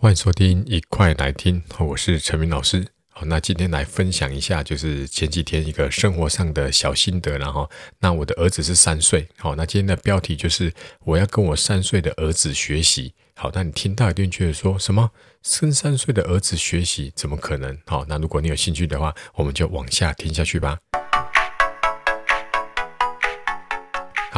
歡迎收聽，一塊來聽，我是陳明老師。好，那今天來分享一下，就是前幾天一個生活上的小心得，然後，那我的兒子是三歲。好，那今天的標題就是我要跟我三歲的兒子學習。好，那你聽到一定覺得說，什麼跟三歲的兒子學習怎麼可能？好，那如果你有興趣的話，我們就往下聽下去吧。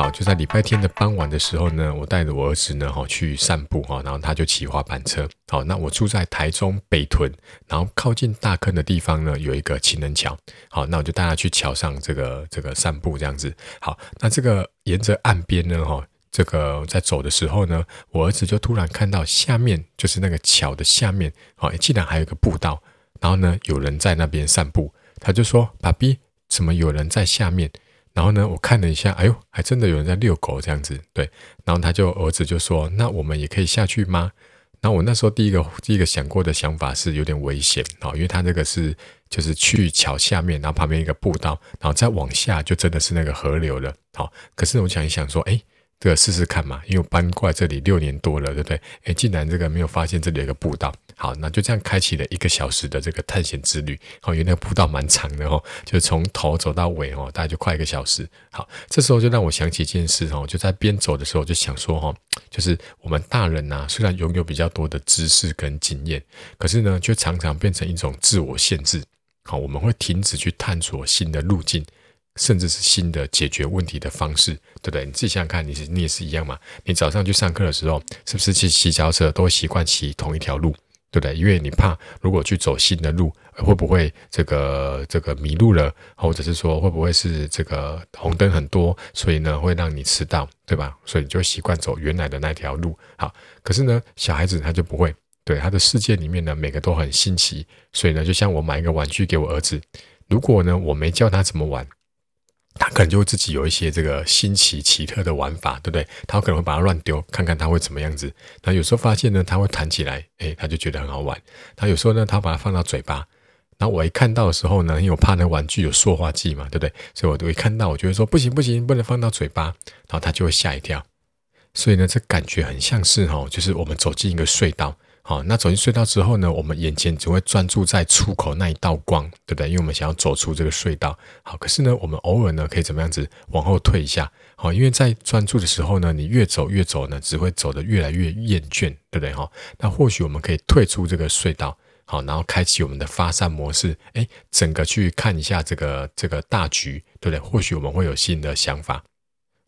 好，就在禮拜天的傍晚的時候呢，我帶着我兒子呢，哈，去散步哈，然後他就騎滑板車。好，那我住在台中北屯，然後靠近大坑的地方呢，有一個情人橋。好，那我就帶他去橋上這個這個散步這樣子。好，那這個沿着岸邊呢，哈，這個在走的時候呢，我兒子就突然看到下面就是那個橋的下面，好，竟然還有一個步道，然後呢，有人在那邊散步。他就說：“爸比，怎麼有人在下面？”然後呢，我看了一下，哎呦，還真的有人在遛狗這樣子，對。然後他就兒子就說：“那我們也可以下去嗎？”然後我那時候第一個第一個想過的想法是有點危險，哦，因為他這個是就是去橋下面，然後旁邊一個步道，然後再往下就真的是那個河流了。好，哦，可是我想一想說，哎，這個試試看嘛，因為我搬過來這裡六年多了，對不對？哎，竟然這個沒有發現這裡有個步道。好，那就這樣開啟了一個小時的這個探險之旅。好、哦，原來步道蠻長的哦，就是從頭走到尾哦，大概就快一個小時。好、哦，這時候就讓我想起一件事哦，就在邊走的時候就想說哈、哦，就是我們大人吶、啊，雖然擁有比較多的知識跟經驗，可是呢，卻常常變成一種自我限制。好、哦，我們會停止去探索新的路徑，甚至是新的解決問題的方式，對不對？你自己想想看，你是你也是一樣嘛？你早上去上課的時候，是不是去騎腳車都會習慣騎同一條路？對不對？因為你怕，如果去走新的路，會不會這個這個迷路了，或者是說會不會是這個紅燈很多，所以呢，會讓你遲到，對吧？所以你就習慣走原來的那條路。好，可是呢，小孩子他就不會，對，他的世界裡面呢，每個都很新奇，所以呢，就像我買一個玩具給我兒子，如果呢我沒教他怎麼玩。他可能就會自己有一些這個新奇奇特的玩法，對不對？他可能會把它亂丟，看看它會怎麼樣子。那有時候發現呢，它會彈起來，哎，他就覺得很好玩。他有時候呢，他把它放到嘴巴，然後我一看到的時候呢，因為我怕那個玩具有塑化劑嘛，對不對？所以我都會看到，我覺得說不行不行，不能放到嘴巴，然後他就會嚇一跳。所以呢，這感覺很像是哈，就是我們走進一個隧道。好，那走進隧道之後呢，我們眼前只會專注在出口那一道光，對不對？因為我們想要走出這個隧道。好，可是呢，我們偶爾呢，可以怎麼樣子往後退一下。好，因為在專注的時候呢，你越走越走呢，只會走得越來越厭倦，對不對？哈，那或許我們可以退出這個隧道，好，然後開啟我們的發散模式，哎，整個去看一下這個這個大局，對不對？或許我們會有新的想法。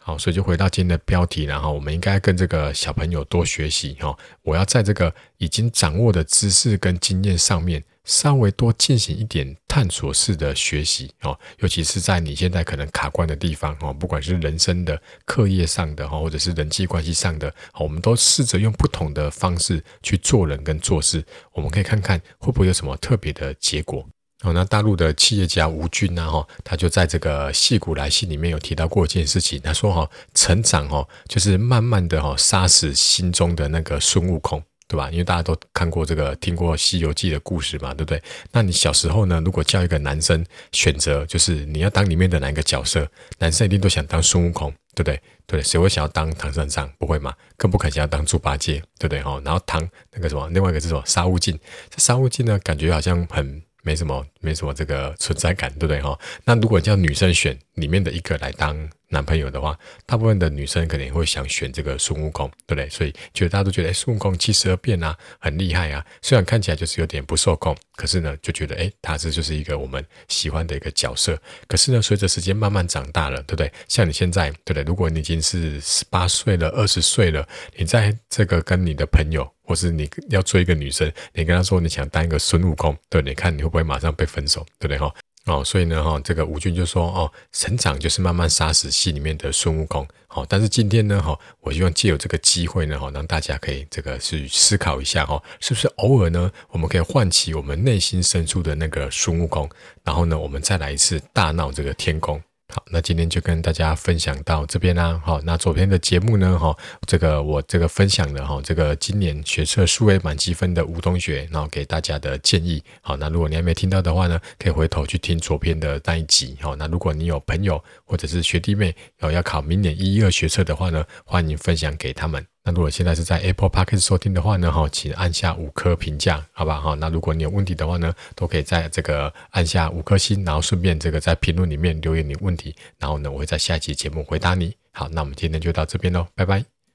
好，所以就回到今天的標題，然後我們應該跟這個小朋友多學習哈。我要在這個已經掌握的知識跟經驗上面，稍微多進行一點探索式的學習哦。尤其是在你現在可能卡關的地方哦，不管是人生的課業上的哈，或者是人際關係上的，我們都試着用不同的方式去做人跟做事。我們可以看看會不會有什麼特別的結果。哦，那大陸的企業家吳軍吶，哈，他就在這個《矽谷來信》裡面有提到過一件事情，他說、哦：“哈，成長哦，就是慢慢的哈、哦，殺死心中的那個孫悟空，對吧？因為大家都看過這個、聽過《西遊記》的故事嘛，對不對？那你小時候呢，如果叫一個男生選擇，就是你要當裡面的哪一個角色，男生一定都想當孫悟空，對不對？對，誰會想要當唐三藏？不會嘛？更不可能想要當豬八戒，對不對？哈，然後唐那個什麼，另外一個是什麼？沙悟淨。這沙悟淨呢，感覺好像很……沒什麼，沒什麼這個存在感，對不對？哈，那如果叫女生選裡面的一個來當男朋友的話，大部分的女生可能也會想選這個孫悟空，對不對？所以，覺得大家都覺得，哎、欸，孫悟空七十二變啊，很厲害啊。雖然看起來就是有點不受控，可是呢，就覺得，哎、欸，他這就是一個我們喜歡的一個角色。可是呢，隨着時間慢慢長大了，對不對？像你現在，對不對？如果你已經是十八歲了，二十歲了，你在這個跟你的朋友，或是你要追一個女生，你跟她說你想當一個孫悟空，對，對，你看你會不會馬上被分手，對不對？哈。哦，所以呢，哈，這個吳軍就說，哦，成長就是慢慢殺死心裡面的孫悟空。好、哦，但是今天呢，哈、哦，我希望借由這個機會呢，哈、哦，讓大家可以這個去思考一下，哈、哦，是不是偶爾呢，我們可以喚起我們內心深處的那個孫悟空，然後呢，我們再來一次大鬧這個天宮。好，那今天就跟大家分享到這邊啦。好，那昨天的節目呢，哈，這個我這個分享的哈，這個今年學測數 A 滿級分的吳同學，然後給大家的建議。好，那如果你還沒聽到的話呢，可以回頭去聽昨天的那一集。好，那如果你有朋友或者是學弟妹有要考明年一一二學測的話呢，歡迎分享給他們。那如果現在是在 Apple Podcast 收聽的話呢，哈，請按下五顆評價，好吧，好，那如果你有問題的話呢，都可以在這個按下五顆星，然後順便這個在評論裡面留言你問題，然後呢，我會在下一期節目回答你。好，那我們今天就到這邊嘍，拜拜。